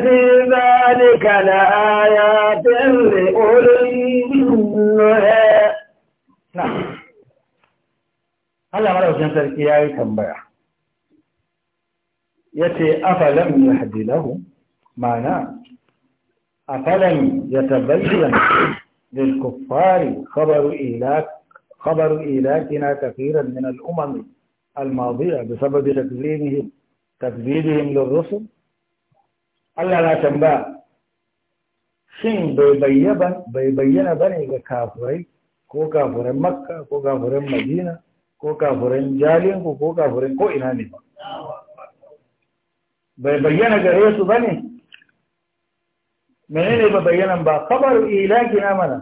في ذلك لآيات لأولي النهي na Allah maraucin sarki ya yi tambaya ya ce afalan ya haɗe lahu mana afalan ya tabbayyar dilkufari khabaru ilaki na kafiran min al’umar al-mazira da sababi takzirin lorosu Allah na tambaya shin bai bayyana bane ga kafurai ko kafuran makka ko kafuran madina ko kafuran jalinku ko kafuran ko ina ne bai bayyana gare su ba ne menene ba bayyana ba kabar ilaki na mana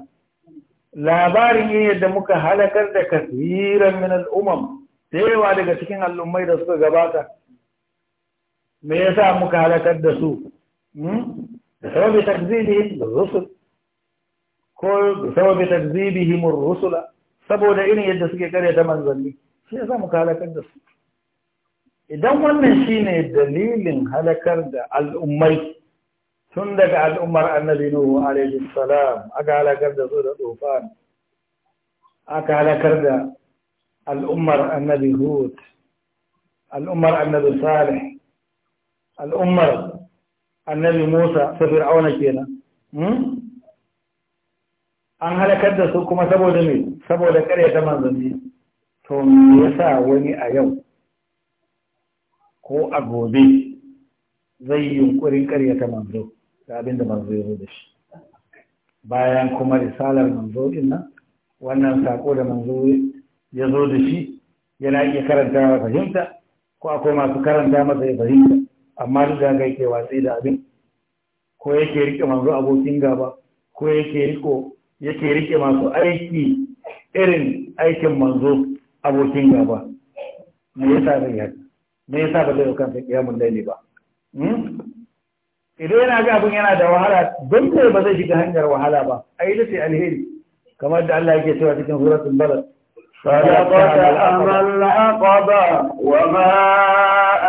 labarin ne yadda muka halakar da kasiran min al'umam da yawa daga cikin al'ummai da suka gabata me yasa muka halakar da su hmm? da sababi takzili da rusul ko saboda takzibihim ar-rusula saboda irin yadda suke kare ta manzanni shi yasa muka halakar da su idan wannan shine dalilin halakar da al'ummai tun daga al'ummar annabi nuhu alaihi salam aka halakar da su da tsofan aka halakar da al'ummar annabi hud al'ummar annabi salih al'ummar annabi musa ta fir'auna kenan an halakar da su kuma saboda me saboda kare ta manzanni to me yasa wani a yau ko a gobe zai yi yunkurin kare ta manzo da abinda manzo ya zo da shi bayan kuma risalar manzo din nan wannan sako da manzo ya zo da shi yana iya karanta wa fahimta ko akwai masu karanta masa ya fahimta amma duk da gaike watsi da abin ko yake riƙe manzo abokin gaba ko yake riƙo? yake rike masu aiki irin aikin manzo abokin gaba me yasa bai haka me yasa ba zai kansa mun laili ba hmm? idan yana ga abun yana da wahala don me ba zai shiga hanyar wahala ba ai da sai alheri kamar da Allah yake cewa cikin suratul balad صدقت أم العقبة وما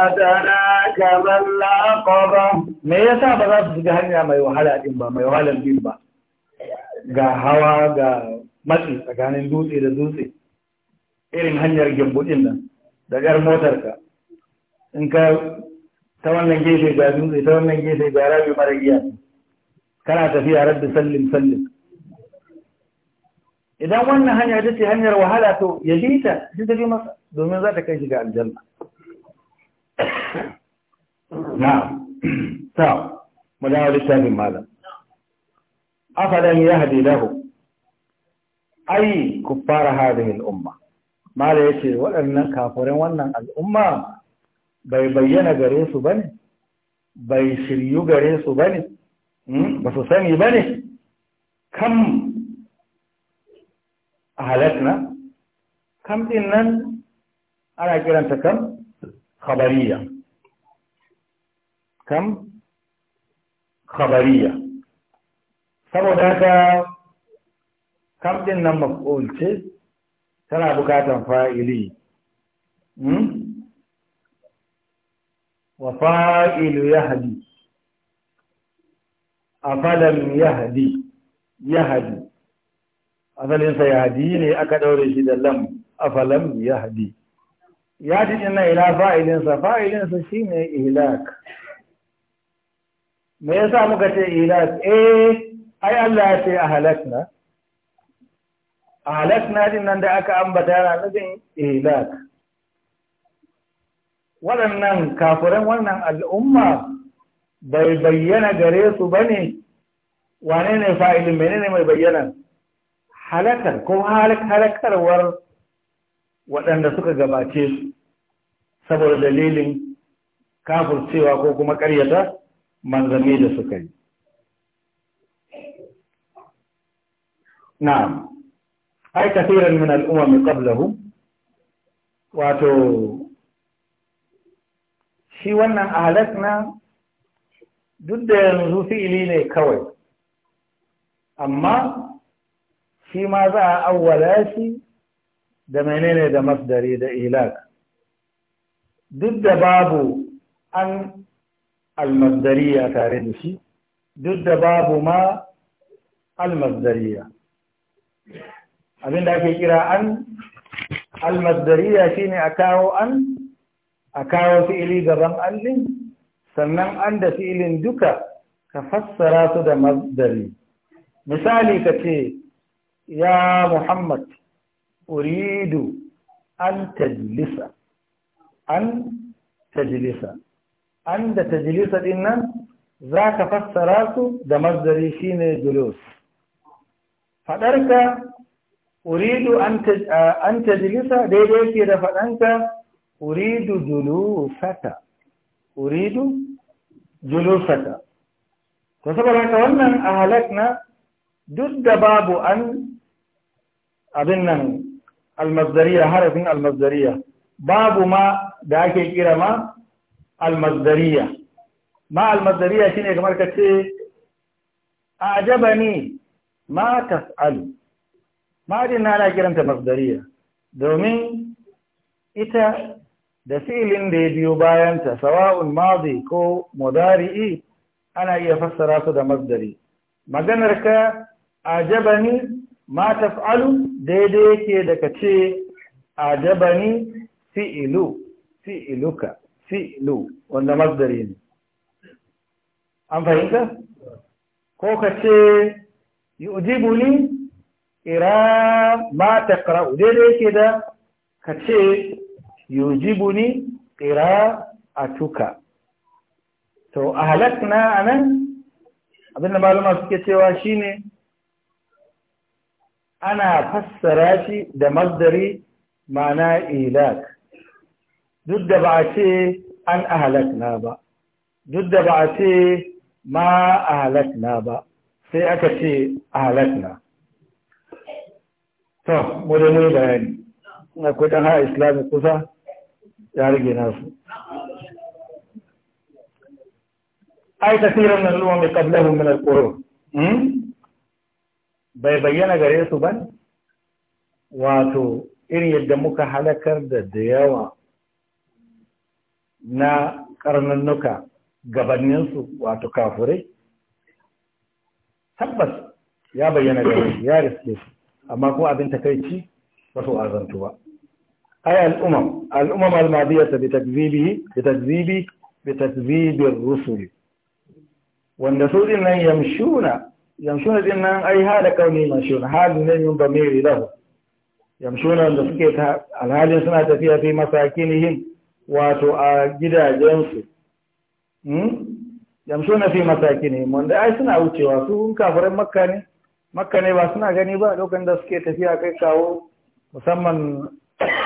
أدناك ما العقبة me yasa ba za su shiga hanya mai wahala din ba mai wahalar din ba ga hawa ga matsi tsakanin dutse da dutse irin hanyar gyambudin nan da ƙar motarka in ka ta wannan gefe ga dutse ta wannan gefe ga Rabi mara giya kana tafiya rabbi sallim sallim idan wannan hanya ta ce hanyar wahala to ya bi ta shi ta bi masa domin za ta kai shi ga aljanna Na ta mu dawo littafin malam أفلن يهدي له أي كفار هذه الأمة ما ليش وأن كافر وأن الأمة بيبين غريس بني بيشريو غريس بني سامي بني كم أهلتنا كم إنن أنا كم خبرية كم خبرية كم خبرية saboda haka kam nan maf'ul ce tana bukatan fa'ili hmm? wa fa'ilu ya yahdi afalam ya yahdi asalin sa yahdi ne aka ɗaure shi da lam a ya hadi. Ya cikin ina ila fa'ilinsa. fa’ilinsa shi ne shine me yasa muka ce ihlak eh ai Allah ya ce a halakna a halakna din nan da aka ambata yana nufin ilak waɗannan kafiran wannan al'umma bai bayyana gare su ne wane ne fa'ilin menene mai bayyana halakar ko halakarwar waɗanda suka gabace su saboda dalilin kafircewa ko kuma ƙaryata manzami da suka yi na'am ai kafiran min al'umma qablahu wato shi wannan na, duk da yanzu fili ne kawai amma shi ma za a awwala shi da menene da masdari da ilak duk da babu an almasdariya tare da shi duk da babu ma almasdariya abinda ake kira an almasdariya shine a kawo an a kawo fi'ili gaban an sannan an da fi'ilin duka ka fassara su da masdari misali ka ce ya muhammad uridu an tajlisa an tajlisa an da tajlisa din za ka fassara su da masdari shine julus faɗarka uridu an tajilisa daidai ke da faɗanka uridu julusata uridu julusata to saboda haka wannan a halakna duk da babu an abin nan almazdariya harafin almazdariya babu ma da ake kira ma almazdariya ma almazdariya shine kamar ka ce a ne ma tas'alu ma din na kiranta masdariya domin ita da filin da ya biyo bayanta sawa'un madi ko mudari'i ana iya fassara su da masdari maganar ka ajabani ma tas'alu daidai yake da kace ajabani fi'ilu fi'iluka fi'ilu wanda masdari ne an fahimta ko kace yu'jibu ira ma ma taqra'u daidai yake da ka ce yujibu ni a atuka to ahlakna anan abinda malama suke cewa shine ana fassara shi da masdari ma'ana ilak duk da ba a ce an na ba duk da ba a ce ma na ba sai aka ce halatta, to mu da mu bayani na kudin ha islami kusa ya rage nasu ai kasiran nan luwa mai kablahun min al-ƙoro, hmm? bai bayyana gare su ba wato irin yadda muka halakar da da yawa na ƙarnannuka gabaninsu wato kafurai tabbas ya bayyana da ya riske amma kuma abin takaici ba su azantu ba ay al umam al ta bi takzibi bi takzibi bi takzibi ar-rusul wanda su din nan yamshuna yamshuna din nan ai hada kauni mashun hada ne min bamiri lahu yamshuna wanda suke ta alhalin suna tafiya fi masakinihim wato a gidajensu hmm? yamsu na fi masaki ne wanda ai suna wucewa su kafirin makka ne makka ne ba suna gani ba lokacin da suke tafiya kai kawo musamman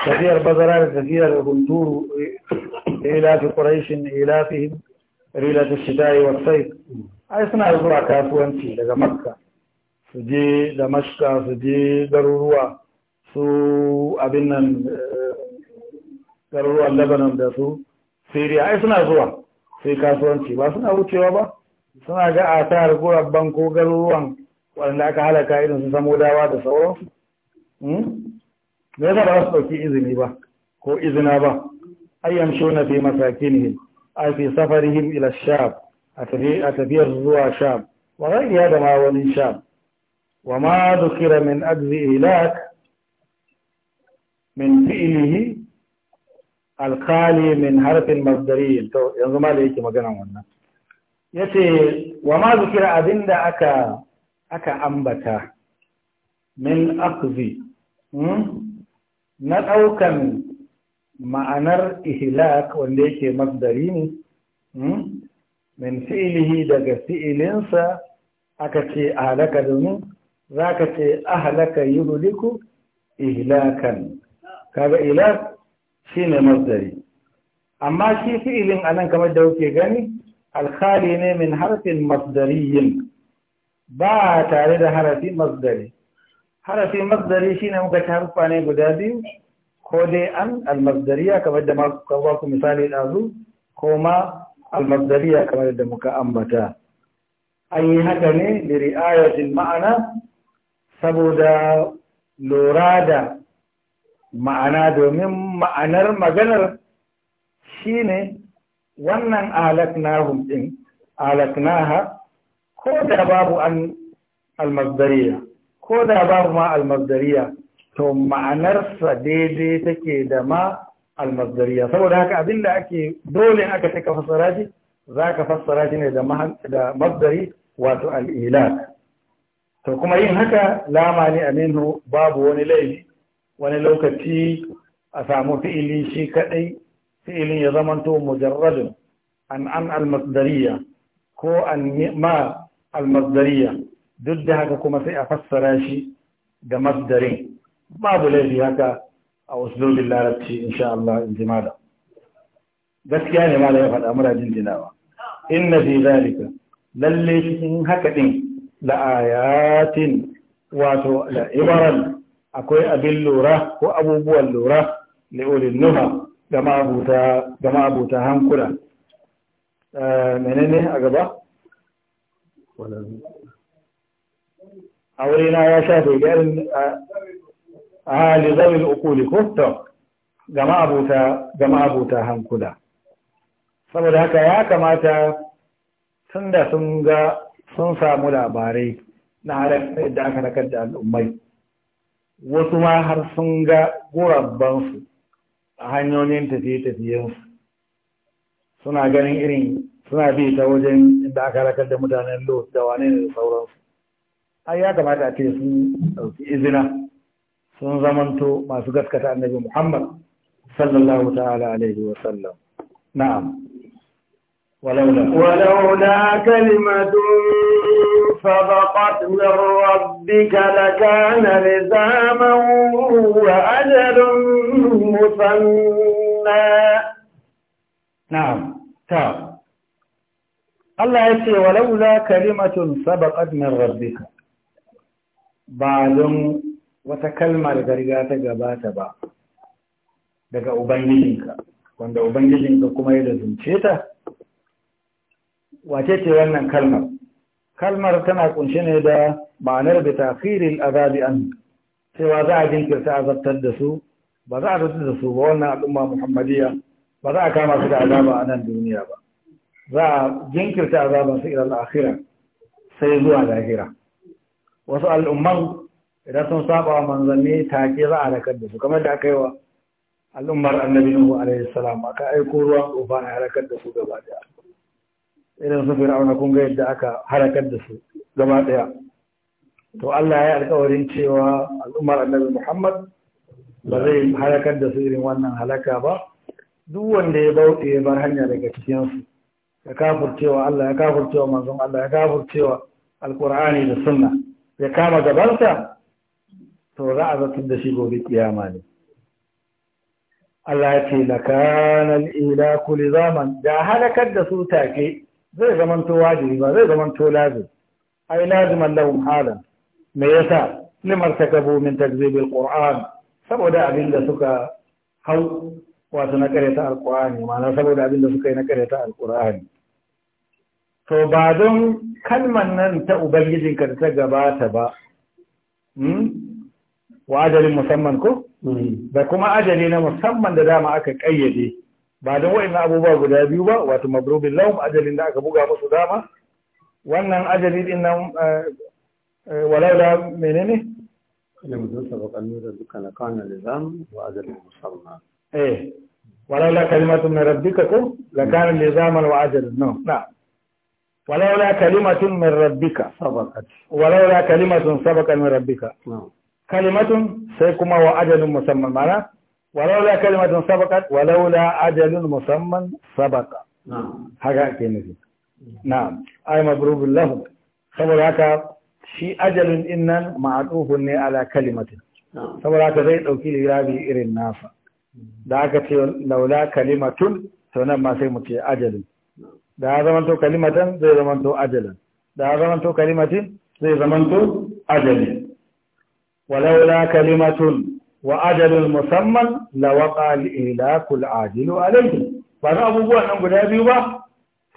tafiyar bazara da tafiyar hunturu ilafi quraishin rila rilatu shidai wa sayf ai suna zuwa kasuwanci daga makka su je da mashka su je garuruwa su abin nan eh, garuruwan lebanon da su siriya ai suna zuwa sai kasuwanci ba suna wucewa ba suna ga a ta rabban ko garuruwan waɗanda aka halaka irin su samo dawa da sauransu ne hmm? yasa ba su ɗauki izini ba ko izina ba ayyam wani fi him a fi him ila a tafiyar zuwa shab wa iya da ma wani sham wa ma dukira min ajzi ilak min fi'lihi alkhali min harfin masdari to yanzu ma da yake magana wannan yace wa ma zikira abinda aka aka ambata min akzi hmm? na ɗaukan ma'anar ihlak wanda yake masdari ne hmm? min fi'ilihi daga fi'ilinsa aka ce ahlaka domin za ka ce ahalaka yuhliku ihlakan kaga ihlak Shi ne masdari amma shi fi'ilin nan kamar da kuke gani alkhali ne min harfin yin. ba tare da harafi masdari harafi masdari shine muka harfa ne guda biyu ko dai an almazdariya kamar da muka misali ku misali dazu ko ma almazdariya kamar da muka ambata an yi haka ne da ri'ayatin ma'ana saboda lura da ma'ana domin ma'anar maganar shi ne wannan alaknahum din alaknaha ko da babu an almazdariya ko da babu ma almazdariya to ma'anarsa daidai take da ma almazdariya saboda haka abinda ake dole aka taka fassara shi za ka fassara shi ne da masdari wato al'ilak to kuma yin haka lamani ne aminu babu wani laifi wani lokaci a samu fi'ili shi kaɗai, fi'ilin ya zamanto mujarradun an an almasdariya ko an ma almasdariya duk da haka kuma sai a fassara shi da masdarin babu laifi haka a usulobin larabci insha Allah in ji mala gaskiya ne mala ya faɗa mura jinjinawa inna fi zalika lalle cikin haka din la'ayatin wato la'ibaran akwai abin lura ko abubuwan lura li'ulil nuha ga ma'abuta hankula menene a gaba? aure na ya shafe garin a hali zaune ukuli ko ga ma'abuta hankula saboda haka ya kamata sun da sun ga sun samu labarai na halar da aka nakar da al'ummai wasu ma har sun ga gurabbansu a hanyoyin tafiye-tafiyen suna ganin irin suna bi ta wajen inda aka rakar da mutanen lot da wane ne da sauransu ai ya kamata a ce sun ɗauki izina sun zamanto masu gaskata annabi muhammad sallallahu ta'ala alaihi wa sallam na'am walaula walaula kalimatun سبقت من ربك لكان لزاما وأجل مسمى نعم تعال الله يتي ولولا كلمة سبقت من ربك بعلم وتكلم لغريقات قبات با لك Ubangijinka, وعند Ubangijinka كما يلزم da zunce ta, wace ce wannan kalmar? kalmar tana kunshe ne da ma'anar bi a azabi an cewa za a jinkirta azabtar da su ba za a da su ba wannan al'umma muhammadiyya ba za a kama su da azaba a nan duniya ba za a jinkirta azaban su ila al'akhira sai zuwa lahira wasu al'umman idan sun saba wa manzanni take za a da su kamar da aka yi wa al'ummar annabi nuhu alaihi salam aka aiko ruwan tsofa na harakar da su gaba daya irin su fir'auna kun ga yadda aka harakar da su gaba daya to Allah ya alƙawarin cewa al'ummar annabi Muhammad ba zai harakar da su irin wannan halaka ba duk wanda ya bauɗe ya bar hanya daga cikin su ya kafurcewa Allah ya kafurcewa manzon Allah ya kafurcewa alqur'ani da sunna ya kama gabansa to za a zartar da shi gobe kiyama ne Allah ya ce lakana al-ilaku lizaman da halakar da su take zai zamanto wajibi ba zai zamanto lazim ai laziman lahum halan me yasa limar takabu min takzibi alquran saboda abin da suka hau wato na kareta alqur'ani ma'ana saboda abin da suka yi na kareta alqur'ani to ba don kalman nan ta ubangijin da ta gabata ba hmm? wa ajalin musamman ko mm. da kuma ajali na musamman da dama aka kayyade ba don wa'in abubuwa guda biyu ba wato mabrubin lahum ajalin da aka buga musu dama wannan ajali din nan walaula menene lamzun sabaqan nura duka na kana lizam wa ajalin musamma eh walaula kalimatun min rabbika ko la kana lizaman wa ajalin no na walaula kalimatun min rabbika sabaqat walaula kalimatun sabaqan min rabbika kalimatun sai kuma wa ajalin musamman mana walaula kalimatun sabaqat walaula ajalun musamman sabaqa haka ake nufi na'am ay mabrubul lahu saboda haka shi ajalin innan ma'atufun ne ala kalimatin saboda haka zai dauki lirabi irin nasa da aka ce laula nan ma sai da ya zamanto kalimatan zai zamanto ajalin da ya zamanto kalimatin zai zamanto ajalin walaula kalimatun وأجل المسمى لوقع الإهلاك العاجل عليه فأنا أبو بوحنا أقول أبي با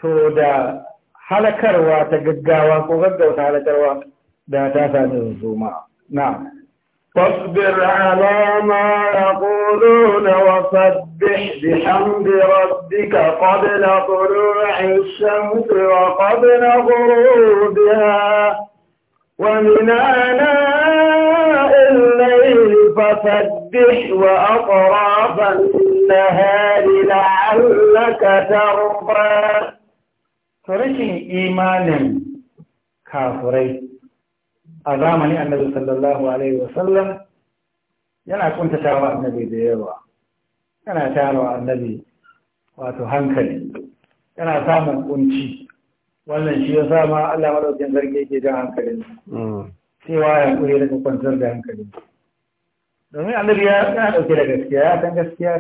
تودا halakarwa ta gaggawa ko gaggauta halakarwa da ta sami نعم فاصبر على ما يقولون وسبح بحمد ربك قبل طلوع الشمس وقبل غروبها ومن آناء الليل فسبح وأطراف النهار لعلك ترضى فرشي إيمانا كافري أزامني النبي صلى الله عليه وسلم yana كنت تعوى النبي da yawa تعوى النبي annabi wato hankali yana samun kunci wannan shi ya sa ma Allah madaukakin sarki yake jan hankalin cewa ya kure da kwantar da hankalin domin annabi ya ɗauke da gaskiya ya san gaskiya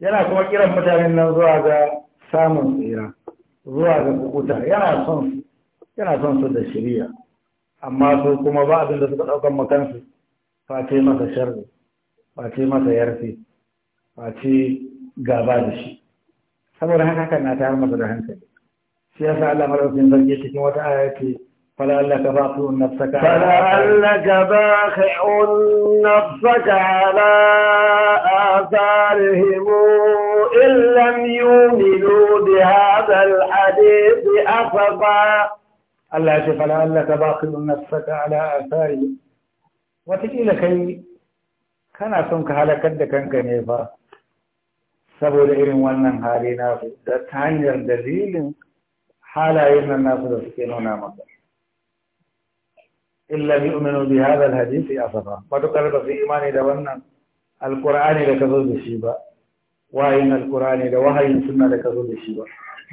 ce yana kuma kiran mutanen nan zuwa ga samun tsira zuwa ga kukuta yana son su da shirya amma su kuma ba abin da suka ɗaukan makansu face masa sharri face masa yarfe face gaba da shi saboda haka na tayar masa da hankali shi yasa Allah madaukakin sarki cikin wata aya ce فلعلك باخع نفسك فلعلك باخع نفسك على آثارهم إن لم يؤمنوا بهذا الحديث أصبا الله يشفى لعلك باخع نفسك على آثارهم وتجي لك كان سنك على كد كان كنيفا سبو العلم ونن هالي ناخذ تانير الدليل حالا يمن الناس سكينونا مطلع illa yu'minu bi hadha alhadisi asafa matukar ba su imani da wannan alqur'ani da kazo da shi ba wayin alqur'ani da wahayin sunna da kazo da shi ba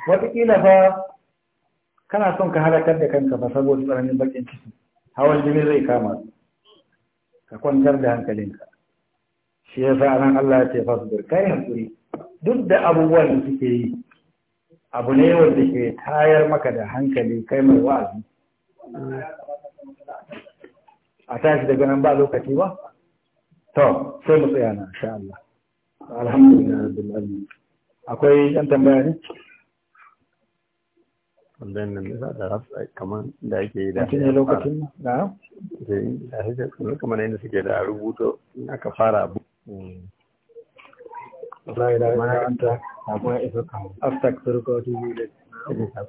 wataƙila fa kana son ka halakar da kanka fa saboda tsananin bakin ciki hawan jini zai kama ka kwantar da hankalinka shi Allah ya duk da abubuwan da suke yi abu ne wanda ke tayar maka da hankali kai mai wa'azi a tashi daga nan ba lokaci ba to sai mu tsaya na insha Allah alhamdulillah Abdullahi. akwai ɗan tambaya ne Wannan nan da da kamar da ake yi da lokacin na da kamar yadda suke da rubuto in aka fara abu la ilaha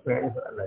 illa